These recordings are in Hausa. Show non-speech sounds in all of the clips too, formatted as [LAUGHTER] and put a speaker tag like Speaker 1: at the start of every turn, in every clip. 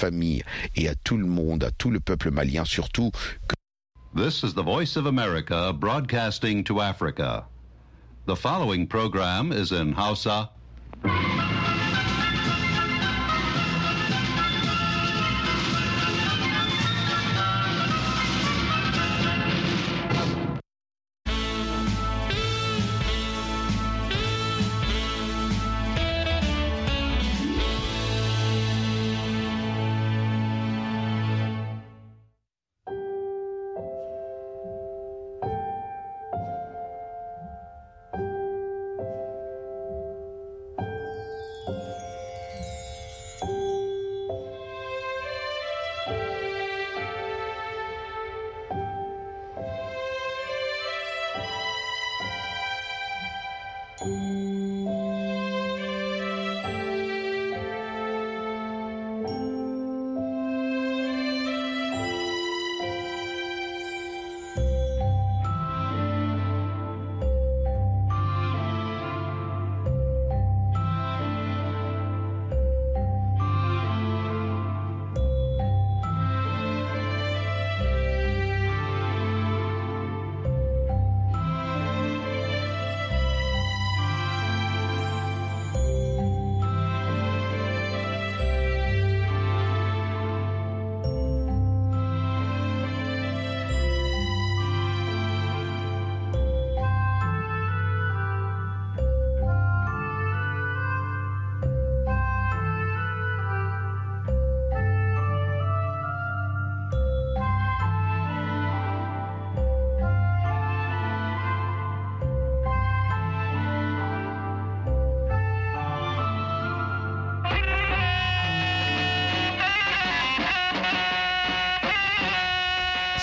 Speaker 1: famille et à tout le monde, à tout le peuple malien surtout. Que... This is the voice of America broadcasting to Africa. The following program is in Hausa.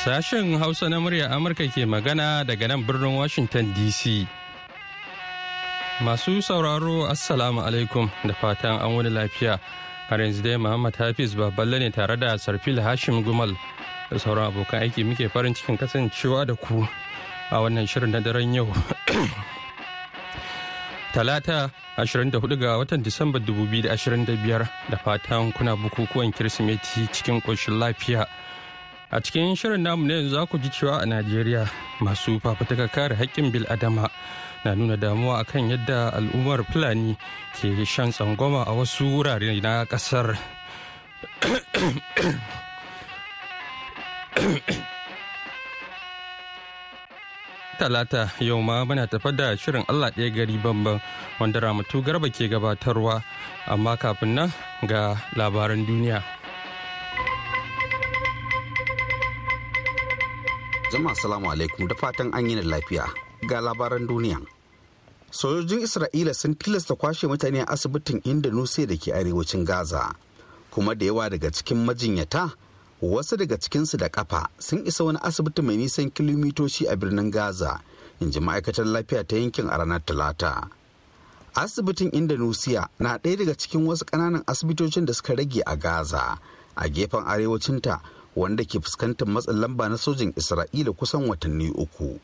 Speaker 2: Sashen Hausa na murya Amurka ke magana daga nan birnin Washington DC. Masu sauraro Assalamu alaikum da fatan an wani lafiya. Har yanzu dai Muhammad Hafiz Baballe ne tare da Sarfil Hashim Gumal da sauran abokan aiki muke farin cikin kasancewa da ku a wannan shirin na daren yau. [COUGHS] Talata 24 ga watan Disamba 2025 da fatan kuna bukukuwan Kirsimeti cikin ƙoshin lafiya. A cikin shirin namu ne yanzu za ku ji cewa a Najeriya masu fafutuka kare haƙƙin bil'adama na nuna damuwa akan yadda al'ummar Fulani ke shan tsangwama a wasu wurare na ƙasar. Talata yau ma muna tafa da shirin Allah ɗaya gari bamban wanda Ramatu Garba ke gabatarwa amma kafin nan ga labaran duniya.
Speaker 1: Jama'a salamu alaikum da fatan an yi lafiya ga labaran duniya. Sojojin Isra'ila sun tilasta kwashe mutane a asibitin Indonesia da ke arewacin Gaza. Kuma da yawa daga cikin majinyata wasu daga cikinsu da kafa sun isa wani asibiti mai nisan kilomitoci a birnin Gaza in ji ma'aikatar lafiya ta yankin a ranar Talata. Asibitin Indonesia na ɗaya daga cikin wasu ƙananan asibitocin da suka rage a Gaza a gefen arewacinta wanda ke fuskantar matsin lamba na sojin isra'ila kusan watanni uku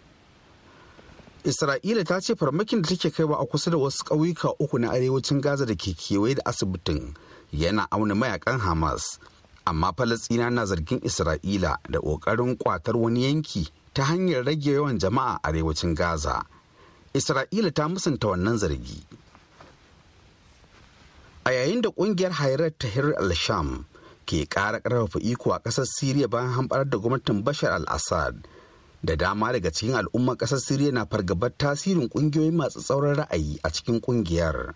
Speaker 1: isra'ila ta ce farmakin da take kaiwa a kusa da wasu ƙauyuka uku na arewacin gaza da ke kewaye da asibitin yana auna mayakan hamas amma falastina na zargin isra'ila da ƙoƙarin kwatar wani yanki ta hanyar rage yawan jama'a arewacin gaza isra'ila ta musanta wannan zargi a yayin da ƙungiyar hayar tahrir al-sham ke ƙara ƙarfafa iko a ƙasar siriya bayan hamɓarar da gwamnatin bashar al-assad da dama daga cikin al'ummar ƙasar siriya na fargabar tasirin ƙungiyoyin masu tsauran ra'ayi a cikin ƙungiyar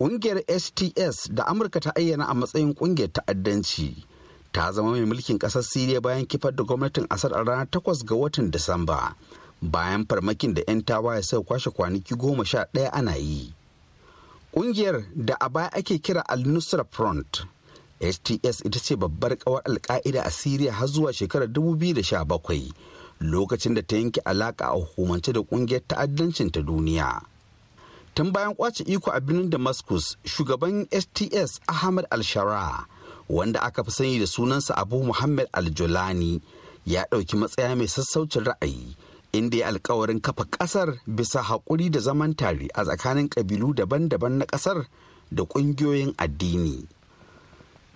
Speaker 1: ƙungiyar sts da amurka ta ayyana a matsayin ƙungiyar ta'addanci ta zama mai mulkin ƙasar siriya bayan kifar da gwamnatin asar a ranar 8 ga watan disamba bayan farmakin da 'yan tawaye suka kwashe kwanaki goma sha ɗaya ana yi ƙungiyar da a baya ake kira al-nusra front hts ita ce babbar kawar alka'ida a syria har zuwa shekarar 2017 lokacin da ta yanke alaka a hukumance da kungiyar ta'addancin ta duniya tun bayan kwace iko a birnin damascus shugaban hts ahmad al-shara wanda aka fi sani da sunansa abu muhammad al-julani ya ɗauki matsaya mai sassaucin ra'ayi inda ya alkawarin kafa ƙasar bisa haƙuri da zaman tare a tsakanin ƙabilu daban-daban na ƙasar da ƙungiyoyin addini.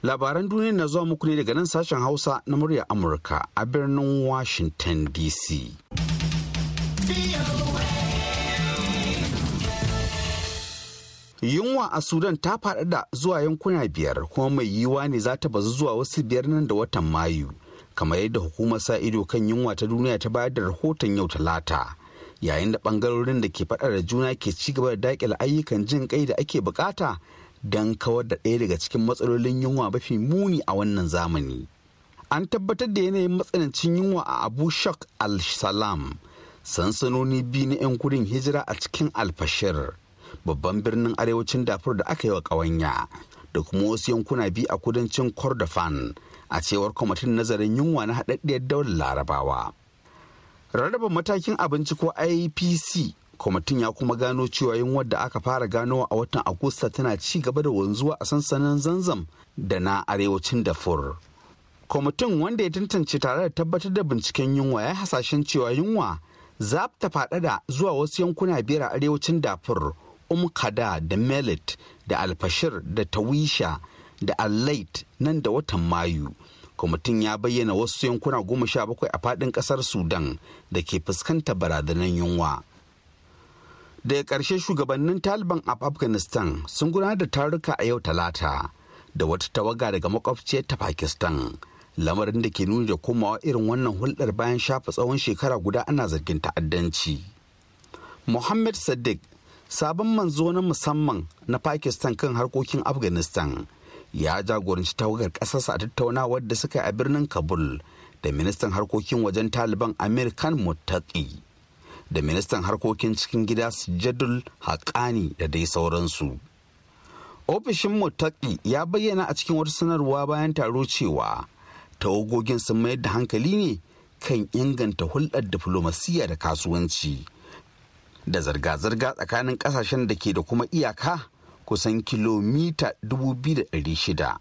Speaker 1: labaran duniya na zuwa muku ne daga nan sashen hausa na murya amurka a birnin washington dc yunwa a sudan ta da zuwa yankuna biyar kuma mai yiwuwa ne za ta bazu zuwa wasu biyar nan da watan mayu kamar yadda hukumar sa ido kan yunwa ta duniya ta bayar da rahoton yau talata yayin da bangarorin da ke faɗa da juna ke ci gaba da daƙil ayyukan jin kai da ake bukata don kawar da ɗaya daga cikin matsalolin yunwa mafi muni a wannan zamani. An tabbatar da yanayin matsanancin yunwa a Abu Shak al-Salam, sansanoni biyu na 'yan gudun hijira a cikin Alfashir, babban birnin arewacin dafur da aka yi wa ƙawanya, da kuma wasu yankuna biyu a kudancin Kordofan, a cewar kwamitin nazarin yunwa na haɗaɗɗiyar daular larabawa. Rarraba matakin abinci ko IPC kwamitin ya kuma gano cewa yunwar da aka fara gano a watan agusta tana ci gaba da wanzuwa a sansanin zanzam da na arewacin dafur kwamitin wanda ya tantance tare da tabbatar da binciken yunwa ya hasashen cewa yunwa za ta da zuwa wasu yankuna biyar a arewacin dafur umkada da melit da alfashir da tawisha da allait nan da watan mayu kwamitin ya bayyana wasu yankuna goma sha bakwai a faɗin ƙasar sudan da ke fuskanta barazanar yunwa daga ƙarshe shugabannin taliban a afghanistan sun gudanar da taruka a yau talata da wata tawaga daga makwabci ta pakistan lamarin da ke nuna da komawa irin wannan hulɗar bayan shafa tsawon shekara guda ana zargin ta'addanci Mohammed Sadiq sabon manzo na musamman na Pakistan kan harkokin Afghanistan ya jagoranci tawagar ƙasarsa a tattaunawar da suka yi a birnin Kabul da ministan harkokin wajen Taliban Amir Khan da ministan harkokin cikin gida sujadul haƙani da dai sauransu ofishin mutaki ya bayyana a cikin wata sanarwa bayan taro cewa tawagogin sun mayar da hankali ne kan inganta hulɗar diflomasiyya da kasuwanci da zirga-zirga tsakanin ƙasashen da ke da kuma iyaka kusan kilomita 2,600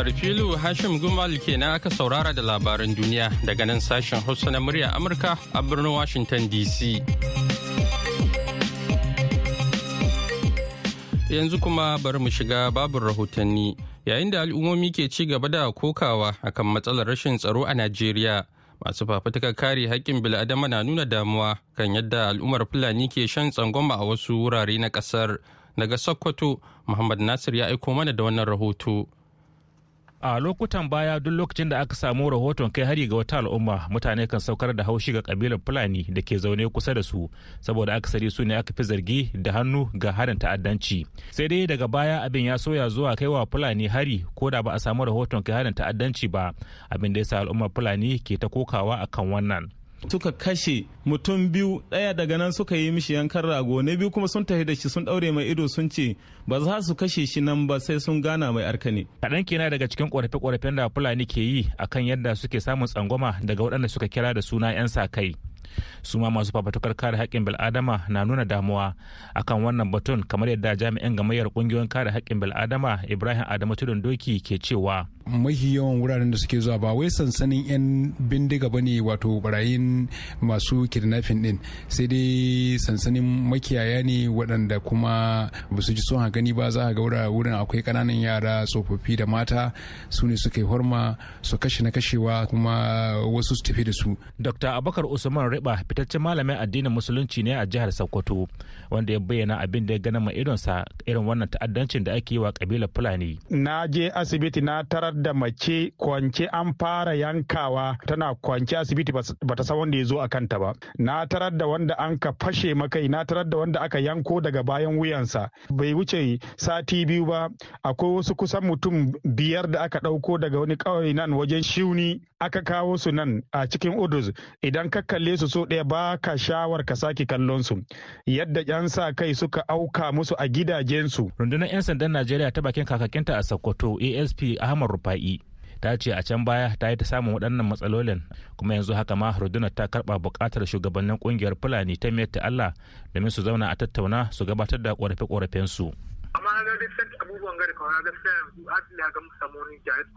Speaker 2: Sarfilu Hashim Gumal kenan aka saurara da labaran duniya daga nan sashen Hausa na murya Amurka a birnin Washington DC. Yanzu kuma bari mu shiga babin rahotanni yayin da al'ummomi ke ci gaba da kokawa akan matsalar rashin tsaro a Najeriya. Masu fafutukar kare haƙƙin bil'adama na nuna damuwa kan yadda al'ummar Fulani ke shan tsangwama a wasu wurare na ƙasar. Daga Sokoto, Muhammad Nasir ya aiko mana da wannan rahoto.
Speaker 3: a lokutan baya duk lokacin da aka samu rahoton kai hari ga wata al'umma mutane kan saukar da haushi ga kabilar fulani da ke zaune kusa da su saboda akasari su ne aka fi zargi da hannu ga harin ta'addanci sai dai daga baya abin ya soya zuwa kai wa fulani hari ko da ba a samu rahoton kai harin ta'addanci ba abin da ya sa al'ummar fulani ke ta kokawa akan wannan suka kashe mutum biyu ɗaya daga nan suka yi mishi yankan rago na biyu kuma sun tafi da shi sun ɗaure mai ido sun ce ba za su kashe shi nan ba sai sun gana mai arkane. kaɗan kenan daga cikin ƙorafe-ƙorafen da fulani ke yi akan yadda suke samun tsangwama daga waɗanda suka kira da suna 'yan sa kai su ma masu fafatukar kare haƙƙin bil'adama na nuna damuwa akan wannan batun kamar yadda jami'in gamayyar ƙungiyoyin kare haƙƙin bil'adama ibrahim adamu tudun doki ke cewa mahi yawan wuraren da suke zuwa ba wai sansanin 'yan bindiga ba ne wato barayin masu kidnapping din sai dai sansanin makiyaya ne waɗanda kuma ba su ji son gani ba za a ga wurin akwai ƙananan yara tsofaffi da mata su ne suka yi horma su kashe na kashewa kuma wasu su tafi da su. Dr. Abakar Usman Riba fitaccen malamin addinin musulunci ne a jihar Sokoto wanda ya bayyana abin da ya gana ma irinsa irin wannan ta'addancin da ake yi wa kabilar Fulani. Na je asibiti na tarar da mace kwance an fara yankawa tana kwance asibiti bata san wanda ya zo a kanta ba na tarar da wanda an ka fashe makai na tarar da wanda aka yanko daga bayan wuyansa bai wuce sati biyu ba akwai wasu kusan mutum biyar da aka ɗauko daga wani kawai nan wajen shiuni aka kawo su nan a cikin udus idan ka kalle su so ɗaya ba ka shawar ka sake kallon su yadda yan sa kai suka auka musu a gidajensu rundunar yan sandan najeriya ta bakin kakakinta a sokoto asp ahmad rufa'i ta ce a can baya ta yi ta samun waɗannan matsalolin kuma yanzu haka ma rundunar ta karɓa buƙatar shugabannin ƙungiyar fulani ta allah domin su zauna a tattauna su gabatar da ƙorafe-ƙorafensu. su
Speaker 4: bangare kawana gaskiya yanzu asali a ga mu samu wani giant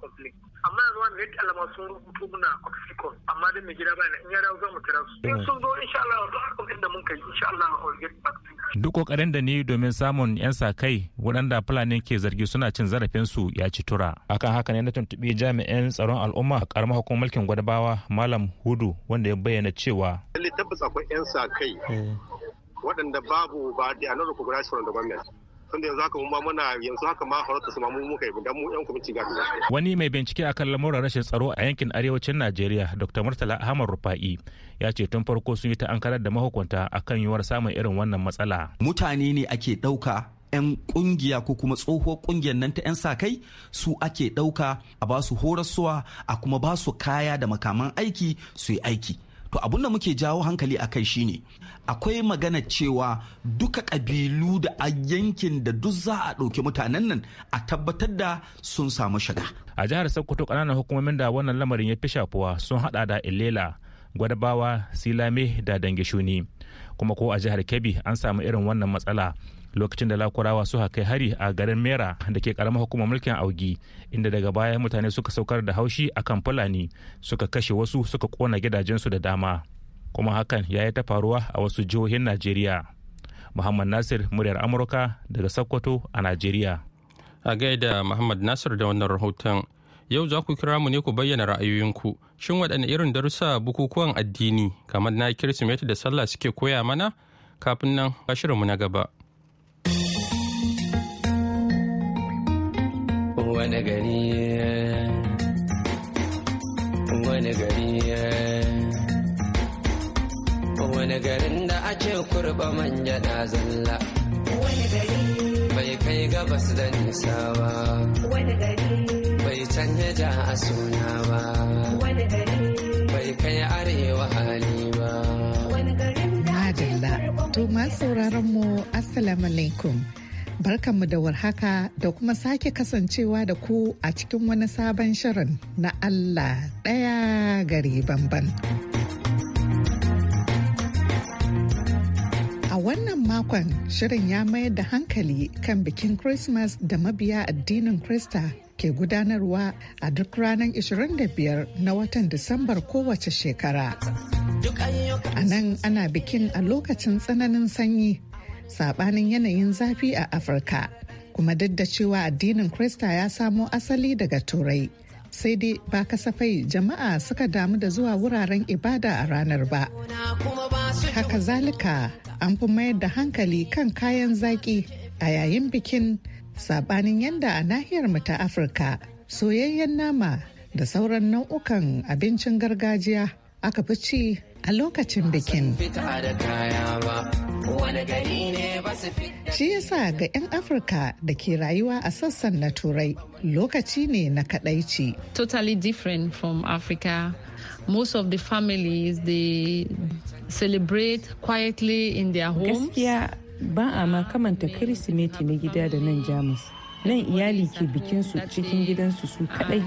Speaker 4: amma yanzu wani yadda alama sun rubutu muna oxycon amma dai mai gida bayan in ya dawo za kira su in sun zo insha Allah duk harkokin da mun kai insha Allah all
Speaker 3: get back duk kokarin da ni domin samun yan sa kai waɗanda fulani ke zargi suna cin zarafin su ya ci tura akan haka ne na tuntuɓi jami'an tsaron al'umma a ƙaramar hukumar mulkin gwadabawa malam hudu wanda ya bayyana cewa
Speaker 5: lalle tabbas akwai yan sa kai eh.
Speaker 4: waɗanda babu ba da another congressional gwamnati tunda yanzu haka mun ba muna yanzu haka ma horar su ma mu muka yi dan mu yan
Speaker 3: wani mai bincike akan lamuran rashin tsaro a yankin arewacin Najeriya Dr. Murtala Ahmad Rufa'i ya ce tun farko sun yi ta ankarar da mahukunta akan yiwuwar samun irin
Speaker 1: wannan matsala mutane ne ake dauka 'yan kungiya ko kuma tsohuwar kungiyar nan ta 'yan sa kai su ake ɗauka a ba su horaswa a kuma ba su kaya da makaman aiki su yi aiki to abun da muke jawo hankali a kai shine akwai magana cewa duka ƙabilu da a yankin da duk za a ɗauki mutanen nan a tabbatar
Speaker 3: da sun samu shiga a jihar sokoto ƙananan hukumomin da wannan lamarin ya fi shafuwa sun hada da ilela gwadabawa silame da dangishuni kuma ko a jihar kebbi an samu irin wannan matsala lokacin da lakurawa suka kai hari a garin mera da ke karamar hukumar mulkin augi inda daga baya mutane suka saukar da haushi a kan fulani suka kashe wasu suka kona gidajensu da dama kuma hakan ya yi ta faruwa a wasu jihohin najeriya muhammad nasir muryar amurka daga sokoto a najeriya
Speaker 2: a gaida muhammad nasir da wannan rahoton yau za ku kira mu ne ku bayyana ra'ayoyinku shin waɗanne irin darussa bukukuwan addini kamar na kirsimeti da sallah suke koya mana kafin nan mu na gaba
Speaker 4: wani gari wani gari wani garin da ake kurba manja na zalla wani gari bai kai gabas da nisa ba
Speaker 6: wani gari
Speaker 4: bai canja ja a suna ba
Speaker 6: wani gari
Speaker 4: bai kai arewa hali ba wani
Speaker 6: garin da ake kurba to masu sauraron mu assalamu alaikum mu da warhaka da kuma sake kasancewa da ku a cikin wani sabon shirin na Allah ɗaya gari banban. A wannan makon shirin ya mayar da hankali kan bikin Christmas da mabiya addinin Krista ke gudanarwa a duk ranar 25 na watan Disambar kowace shekara. A nan ana bikin a lokacin tsananin sanyi sabanin yanayin zafi a Afirka. Kuma duk da cewa addinin Krista ya samo asali daga Turai. Sai dai ba kasafai jama'a suka damu da zuwa wuraren ibada a ranar ba. Haka zalika an fi mayar da hankali kan kayan zaki a yayin bikin sabanin yanda a nahiyar mu ta Afirka soyayyen nama da sauran nau'ukan abincin gargajiya aka fi ci a lokacin bikin.
Speaker 5: wani Shi
Speaker 6: yasa ga 'yan Afirka da ke rayuwa a sassan na Turai lokaci ne na kadaici.
Speaker 5: Totally different from Africa. Most of the families they celebrate quietly in their homes. Gaskiya ba a ma kamanta Kirsimeti na gida da nan Jamus. Nan iyali ke bikinsu cikin gidansu su kadai.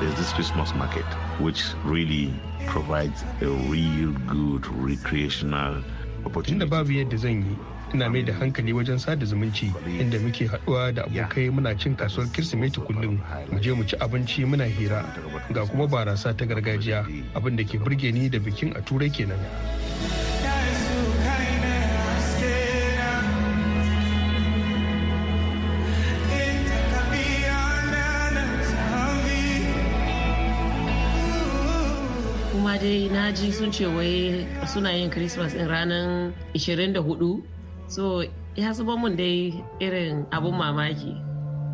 Speaker 4: There's this Christmas market, which really provides a real good recreational
Speaker 1: opportunity. Tunda babu yadda zan yi ina mai da hankali wajen sada zumunci inda muke haɗuwa da abokai muna cin kasuwar kirsimeti kullum mu je mu ci abinci muna hira ga kuma barasa ta gargajiya abin da ke burge ni da bikin a turai kenan.
Speaker 5: dai na ji sun ce wai suna yin christmas din ranar 24 so ya zuba mun dai irin abun mamaki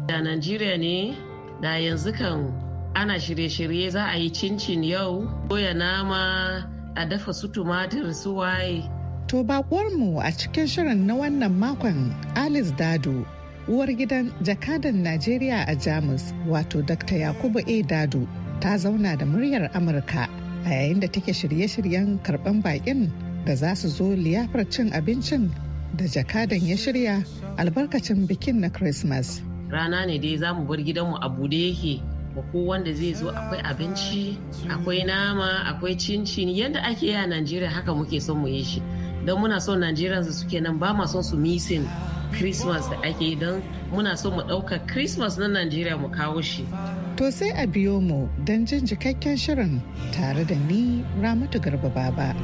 Speaker 5: da najeriya ne da yanzu kan ana shirye-shirye za a yi cincin yau doya nama a dafa su tumatir su waye
Speaker 6: to Bakuwar mu a cikin shirin na wannan makon alice dado uwar gidan jakadan najeriya a jamus wato dr yakubu a dado ta zauna da muryar amurka a yayin da take shirye-shiryen karban bakin da za su zo liyafar cin abincin da jakadan ya shirya albarkacin bikin na Christmas.
Speaker 5: Rana ne dai za mu bar gidanmu a bude yake ba ko wanda zai zo akwai abinci, akwai nama, akwai cincin yadda ake yi a Najeriya haka muke son mu yi shi. Don muna son Najeriya su suke nan ba son su misin Christmas da ake yi don muna son mu ɗaukar Christmas na Najeriya mu kawo shi.
Speaker 6: To sai a biyo mu don jin cikakken shirin tare da ni Ramatu Garba Baba.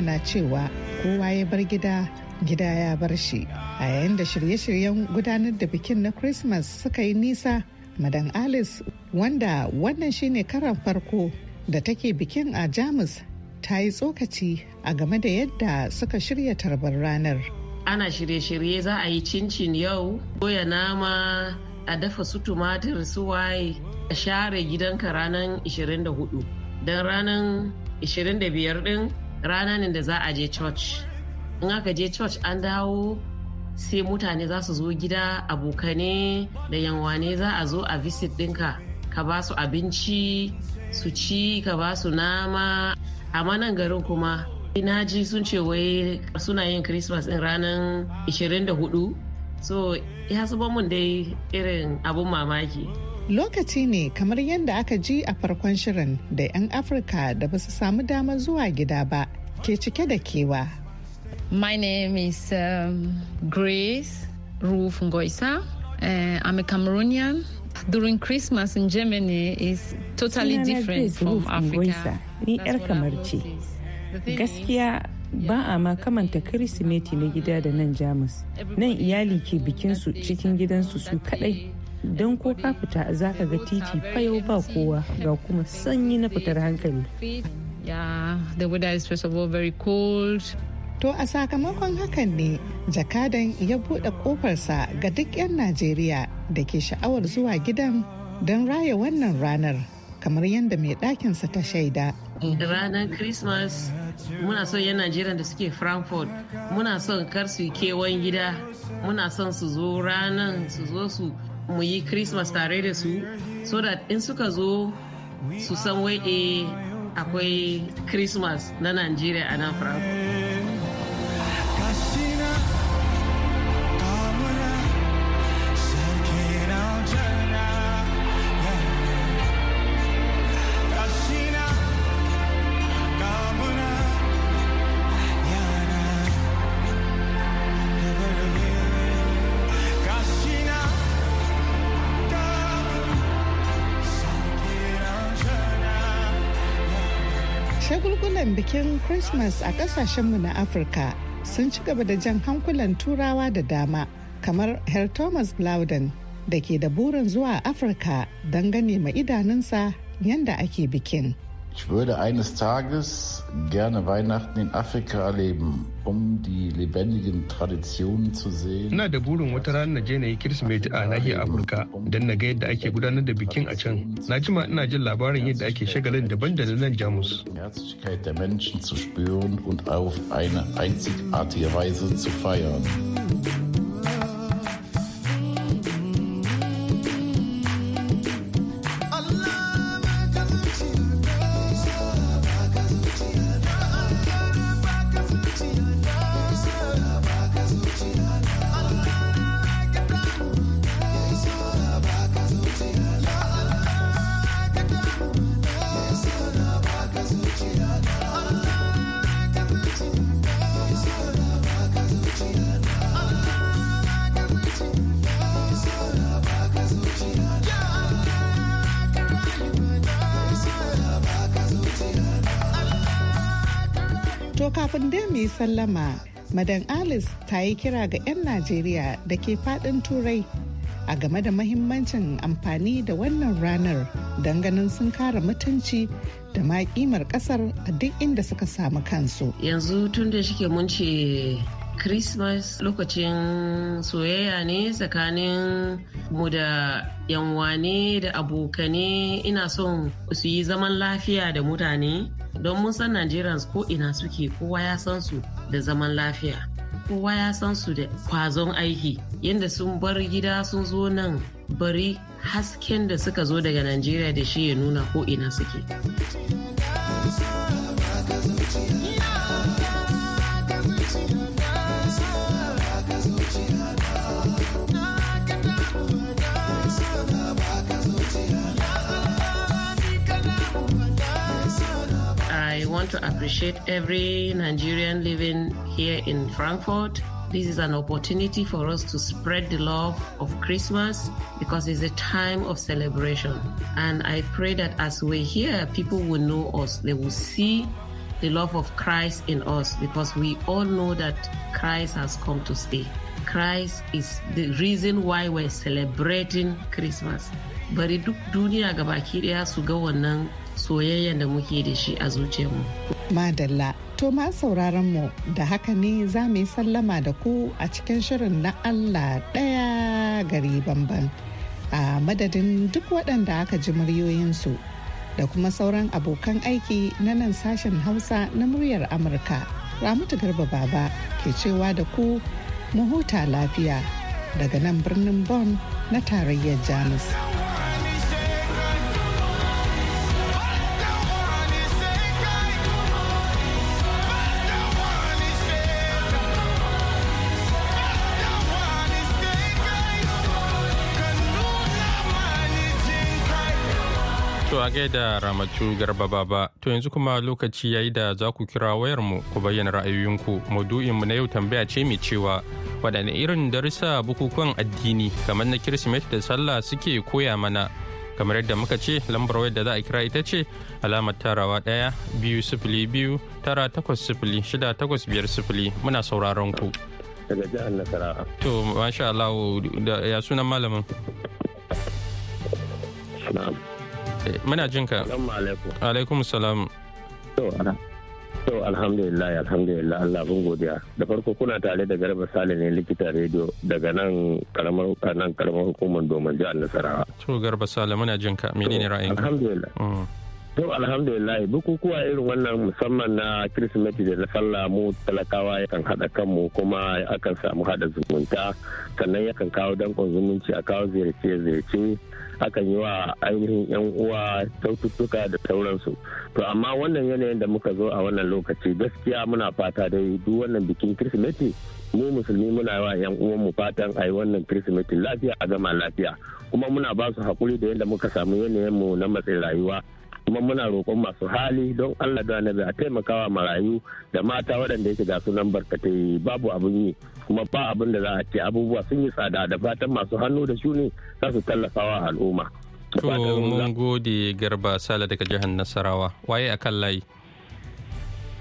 Speaker 6: ana cewa kowa ya bar gida gida ya bar shi a yayin da shirye-shiryen gudanar da bikin na christmas suka yi nisa madan alice wanda wannan shine karan farko da take bikin a jamus ta yi tsokaci a game da yadda suka shirya tarbar ranar
Speaker 5: ana shirye-shirye za a yi cincin yau doya nama a dafa su tumatir su waye a share gidanka ranar 24 don ranar 25 din rana ne da za a je church in aka je church an dawo sai mutane za su zo gida abokane da yanwane za a zo a visit ɗinka ka ba su abinci su ci ka ba su nama amma nan garin kuma na ji sun ce wai suna yin christmas ɗin ranar 24 so ya zuba mun dai irin abin mamaki
Speaker 6: Lokaci ne kamar yadda aka ji a farkon shirin da 'yan Afirka da ba su samu damar zuwa gida ba ke cike da kewa.
Speaker 5: My name is um, Grace Ruf Ngoisa. Uh, I'm a Cameroonian. During Christmas in Germany is totally different from Africa. Ni 'yar kamar ce. Gaskiya ba a ma kamanta Kirsimeti na gida da nan Jamus. Nan iyali ke bikinsu cikin gidansu su kadai. don ko ka fita za ka ga titi fayo ba kowa ga kuma sanyi na fitar hankali To
Speaker 6: a sakamakon hakan ne jakadan ya buɗe ƙofarsa ga duk 'yan Najeriya da ke sha'awar zuwa gidan don raya wannan ranar kamar yadda mai ɗakinsa ta shaida.
Speaker 5: Ranar Christmas muna son 'yan Najeriya da suke Frankfurt muna son kar su kewan gida muna son su zo ranar su zo su mu yi christmas tare da su so that in suka zo su san wai eh, akwai christmas na nigeria a nan frankfurt
Speaker 6: tsarin bikin Christmas a kasashenmu na Afirka sun ci gaba da jan hankulan turawa da dama kamar Herr Thomas Blauden da ke da burin zuwa Afirka don gane ma idanunsa yadda ake bikin.
Speaker 5: Ich würde eines Tages gerne Weihnachten in Afrika erleben, um die lebendigen Traditionen zu sehen.
Speaker 1: Ina da burin wata ranar na je na yi Kirsimeti a nahiyar Afirka
Speaker 4: don na ga yadda ake
Speaker 1: gudanar da bikin a can. Na jima ina jin labarin
Speaker 4: yadda ake shagalin daban da nan Jamus.
Speaker 5: Herzlichkeit der Menschen zu spüren und auf eine einzigartige Weise zu feiern.
Speaker 6: yi sallama madan alice ta yi kira ga 'yan najeriya da ke fadin turai a game da mahimmancin amfani da wannan ranar don ganin sun kare mutunci da maƙimar ƙasar a duk inda suka samu kansu
Speaker 5: yanzu tun da shike mun ce Christmas lokacin soyayya ne tsakanin mu da yanwane da abokane ina son su yi zaman lafiya da mutane don mun san Nigerians ko ina suke kowa ya san su da zaman lafiya kowa ya san su da kwazon aiki yadda sun bar gida sun zo nan bari hasken da suka zo daga Najeriya da shi ya nuna ko ina suke. like to appreciate every Nigerian living here in Frankfurt. This is an opportunity for us to spread the love of Christmas because it's a time of celebration. And I pray that as we're here, people will know us. They will see the love of Christ in us because we all know that Christ has come to stay. Christ is the reason why we're celebrating Christmas. Bari duk duniya gabaki daya su soyayyen da muke da shi a zuciyarmu.
Speaker 6: Madalla, to ma sauraron mu da haka ne za mu yi sallama da ku a cikin shirin na Allah ɗaya gari bamban. A madadin duk waɗanda aka ji muryoyinsu da kuma sauran abokan aiki na nan sashen Hausa na muryar Amurka. Ramatu Garba Baba ke cewa da ku mu huta lafiya daga nan birnin Bonn na tarayyar Jamus.
Speaker 2: To a gaida ramatu garba baba to yanzu kuma lokaci yayi da za ku kira wayarmu ku bayyana ra'ayoyinku maudu'inmu na yau tambaya ce mai cewa waɗanne irin darussa bukukuwan addini kamar na kirsimeti da sallah suke koya mana kamar yadda muka ce lambar wayar da za a kira ita ce alamar tarawa ɗaya biyu sifili biyu tara takwas sifili shida takwas biyar sifili muna sauraron ku. daga jihar Nasarawa. To, masha Allah, ya sunan malamin. Eh, muna jin ka alaikum salam to alhamdulillah alhamdulillah Allah
Speaker 4: bin godiya da farko kuna tare da garba sale ne likita rediyo daga nan karamar nan karamar hukumar domin jihar nasarawa
Speaker 2: to garba sale muna jin ka menene ra'ayinka alhamdulillah mm.
Speaker 4: To alhamdulillah bukukuwa irin wannan musamman na Kirsimeti da na sallah mu talakawa yakan haɗa kanmu kuma akan samu haɗa zumunta sannan yakan kawo dankon zumunci a kawo ziyarce-ziyarce akan yi wa ainihin 'yan uwa kyaututtuka da sauransu to amma wannan yanayin da muka zo a wannan lokaci gaskiya muna fata dai duk wannan bikin kirsimeti mu musulmi muna yi wa 'yan uwanmu fatan a yi wannan kirsimeti lafiya a gama lafiya kuma muna ba su haƙuri da yadda muka samu yanayin mu na matsin rayuwa kuma muna roƙon masu hali don allah da nabi a taimakawa marayu da mata waɗanda yake ga sunan barkatai babu abun yi kuma ba abin da za a ce abubuwa sun yi tsada da fatan masu hannu da shuni za su tallafawa al'umma.
Speaker 2: to mun gode garba sala daga jihar nasarawa waye akan layi.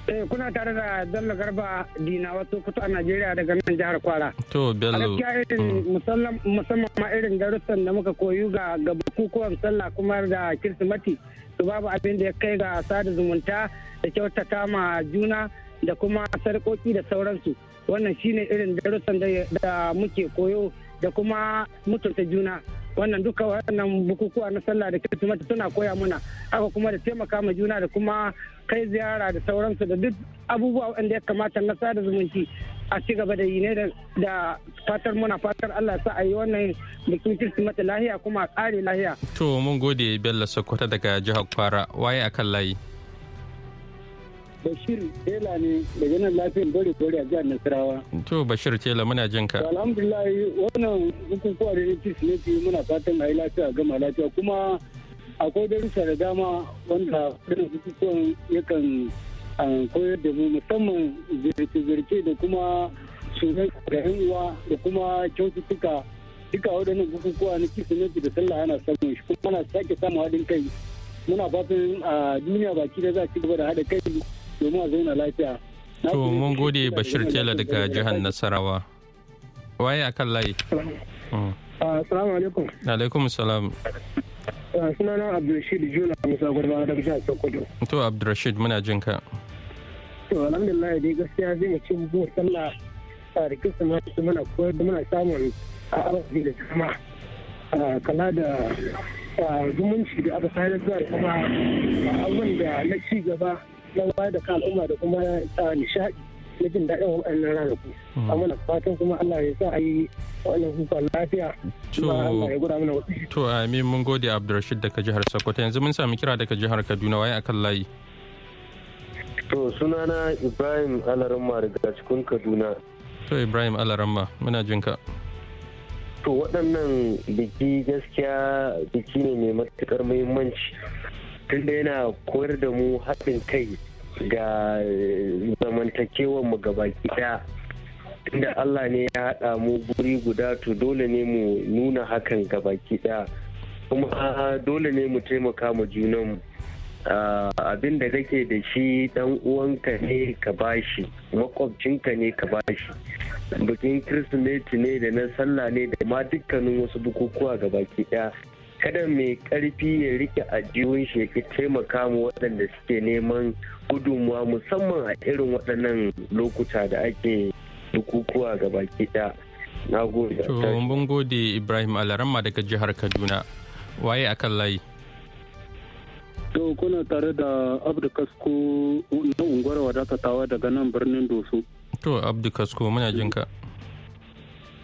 Speaker 2: Eh, kuna tare da Bello Garba
Speaker 4: Dina wasu kuta a Najeriya daga nan jihar Kwara.
Speaker 2: To Bello. A irin
Speaker 4: musamman ma irin darussan da muka koyu ga ga bukukuwan sallah kuma da Kirsimati su babu abin da ya kai ga sada zumunta da kyautata ma juna da kuma sarƙoƙi da sauransu. Wannan shine irin darussan da muke koyo da kuma mutunta juna. wannan duka wannan bukukuwa na sallah da kirsimati suna koya muna haka kuma da taimaka ma juna da kuma kai ziyara da sauransu da duk abubuwa wanda ya kamata na sada zumunci a ci gaba da yi ne da fatar muna fatar Allah sa a yi wannan bikin kirsimati lahiya kuma a kare lahiya.
Speaker 2: to mun gode bello sokoto daga jihar kwara waye akan layi.
Speaker 4: Bashir Tela ne daga nan lafiyan bari bari a jihar Nasarawa.
Speaker 2: To Bashir Tela muna jin ka.
Speaker 4: Alhamdulillah wannan bukukuwa da nake sineti muna fatan ayi yi lafiya gama lafiya kuma akwai darussa da dama wanda wannan bukukuwan yakan ah, koyar da mu musamman zirce-zirce da kuma shirin da yan uwa da kuma kyaututtuka duka waɗannan bukukuwa na kirsimeti da sallah ana samun shi kuma ana sake samun haɗin kai muna fatan a ah, duniya baki da za ci gaba da haɗa kai domin a zauna lafiya.
Speaker 2: To mun gode Bashir Tela daga jihar Nasarawa. Waye a kan layi?
Speaker 4: Assalamu alaikum. Mm.
Speaker 2: Ah, alaikum salam.
Speaker 4: Ah, sunana Abdulrashid Jula Musa Gwarba da jihar Sokoto.
Speaker 2: To rashid muna jin ka.
Speaker 4: To alhamdulillah dai gaskiya zai mace mu sallah a rikin su muna koyar da muna samun a arziki da jama'a. Ah, kala da zumunci da aka sayar da kuma abin da na ci gaba na wayar da al'umma da kuma sa nishaɗi na jin daɗin waɗannan ranaku mm. amma na fatan kuma Allah ya sa a yi waɗannan kuka lafiya kuma Allah ya guda mana wasu.
Speaker 2: To amin mun gode Abdulrashid daga jihar Sokoto yanzu mun sami kira daga jihar Kaduna waye akan layi.
Speaker 4: To sunana Ibrahim Alaramma daga cikin Kaduna.
Speaker 2: To Ibrahim Alaramma muna jinka.
Speaker 4: To waɗannan biki gaskiya biki ne mai matuƙar muhimmanci tunda yana koyar da mu haɗin kai ga eh, zamantakewar mu gaba ɗaya tunda Allah ne ya haɗa mu guri guda to dole ne mu nuna hakan gaba ɗaya kuma dole ne mu taimaka mu junanmu ah, abin da kake da shi dan uwanka ne ka bashi makwabcinka ne ka bashi bikin kirsimeti ne da na sallah ne da ma dukkanin wasu bukukuwa ga baki daya kada mai karfi ya rike ajiyun shi ya taimaka mu waɗanda suke neman gudunmuwa musamman a irin waɗannan lokuta da ake bukukuwa ga baki ɗaya na gode
Speaker 2: mun gode ibrahim alaramma daga jihar kaduna waye akan layi
Speaker 4: to kuna tare da abdukasko kasko na unguwar wadatatawa daga nan birnin doso
Speaker 2: to abdu kasko muna jinka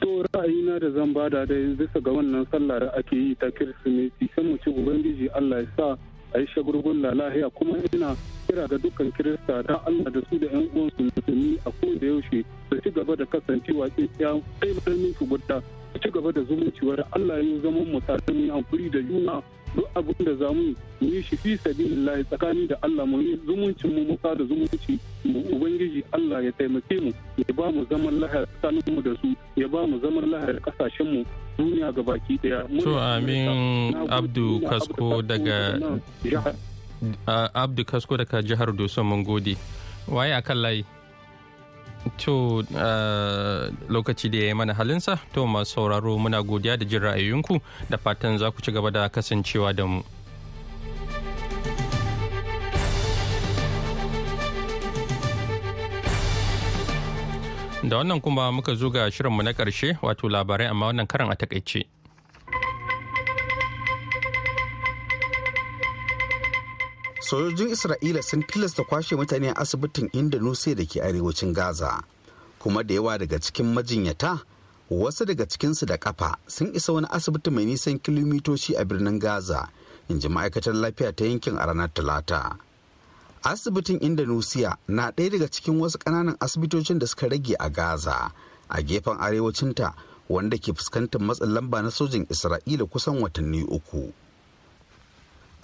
Speaker 4: to ra'ayina da zan bada da bisa ga wannan sallah da ake yi ta kirsimeti sai mu ci ubangiji allah ya sa a yi shagurgun lahiya kuma ina kira ga dukkan kirista da allah da su da yan uwansu musulmi a da yaushe su ci gaba da kasancewa tsintsiya sai musulmi su gudda su ci gaba da zumunci da allah ya zama mu tare mu da juna duk abin da za mu yi shi fi sabilillahi tsakani da Allah mu yi zumuncin mu musa da zumunci mu ubangiji Allah ya taimake mu ya ba mu zaman lahar tsakanin mu da su ya ba mu zaman lahar kasashen mu duniya ga baki daya to
Speaker 2: amin abdu kasko daga abdu kasko daga jihar doson mun gode waye akan layi To eh, lokaci da ya yi mana halinsa, to masu sauraro muna godiya da jin ra'ayoyinku da fatan za ku ci gaba da kasancewa da mu. Da wannan kuma muka zo ga shirinmu na ƙarshe wato labarai amma wannan karan a takaice.
Speaker 1: sojojin isra'ila sun tilasta kwashe mutane a asibitin Indanusiya da ke arewacin gaza kuma da yawa daga cikin majinyata wasu daga cikinsu da kafa sun isa wani asibiti mai nisan kilomitoci a birnin gaza in ji ma'aikatar lafiya ta yankin a ranar talata asibitin indonesia na ɗaya daga cikin wasu ƙananan asibitocin da suka rage a gaza a gefen arewacinta wanda ke fuskantar matsin lamba na sojin isra'ila kusan watanni uku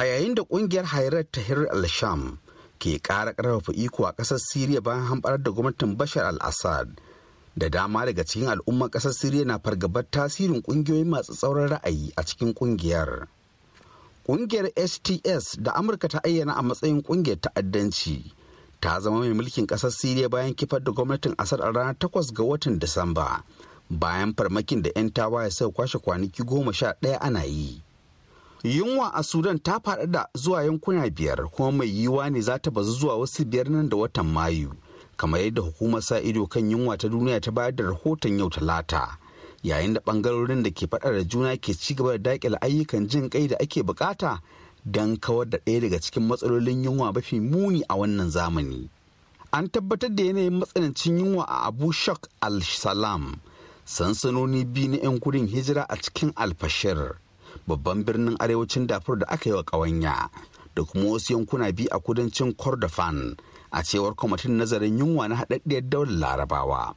Speaker 1: a yayin da kungiyar hairar tahir al-sham ke ƙara ƙarfafa iko a ƙasar siriya bayan hamɓarar da gwamnatin bashar al-assad da dama daga cikin al'ummar ƙasar siriya na fargabar tasirin ƙungiyoyi masu tsauran ra'ayi a cikin kungiyar. ƙungiyar sts da amurka ta ayyana a matsayin ƙungiyar ta'addanci ta zama mai mulkin ƙasar siriya bayan kifar da gwamnatin asar a ranar takwas ga watan disamba bayan farmakin da 'yan ya suka kwashe kwanaki goma sha ɗaya ana yi yunwa a sudan ta da zuwa yankuna biyar kuma mai yiwuwa ne za ta bazu zuwa wasu biyar nan da watan mayu kamar yadda hukumar sa ido kan yunwa ta duniya ta bayar da rahoton yau talata yayin da bangarorin da ke faɗa da juna ke ci gaba da daƙile ayyukan jin kai da ake bukata don kawar da ɗaya daga cikin matsalolin yunwa mafi muni a wannan zamani an tabbatar da yanayin matsanancin yunwa a abu shak al-salam sansanoni biyu na 'yan gudun hijira a cikin alfashir babban birnin arewacin dafur da aka yi wa ƙawanya da kuma wasu yankuna biyu a kudancin kordofan a cewar kwamitin nazarin yunwa na haɗaɗɗiyar daular larabawa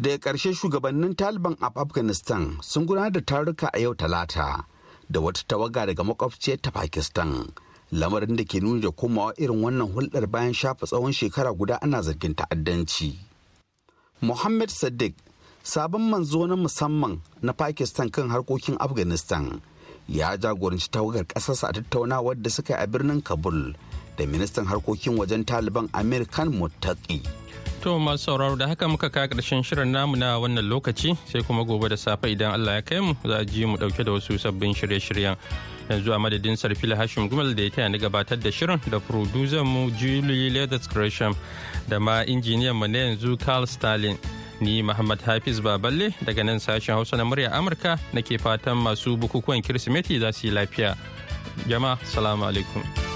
Speaker 1: daga ƙarshe shugabannin taliban a afghanistan sun gudanar da taruka a yau talata da wata tawaga daga makwabciyar ta pakistan lamarin da ke nuni da komawa irin wannan hulɗar bayan shafa tsawon shekara guda ana zargin ta'addanci. Mohammed Sadiq sabon manzo na musamman na pakistan kan harkokin afghanistan ya jagoranci tawagar ƙasarsa a tattaunawar da suka yi a birnin kabul da ministan harkokin wajen taliban amir khan muttaki
Speaker 2: to masu sauraro da haka muka kawo ƙarshen shirin namu na wannan lokaci sai kuma gobe da safe idan allah ya kai mu za a ji mu ɗauke da wasu sabbin shirye-shiryen yanzu a madadin sarfila hashim gumal da ya taya ni gabatar da shirin da producer mu julie leathers da ma injiniyan mu na yanzu carl stalin Ni Muhammad Hafiz Baballe daga nan sashen Hausa na murya Amurka nake fatan masu bukukuwan Kirsimeti za su yi lafiya. Jama'a, salamu alaikum.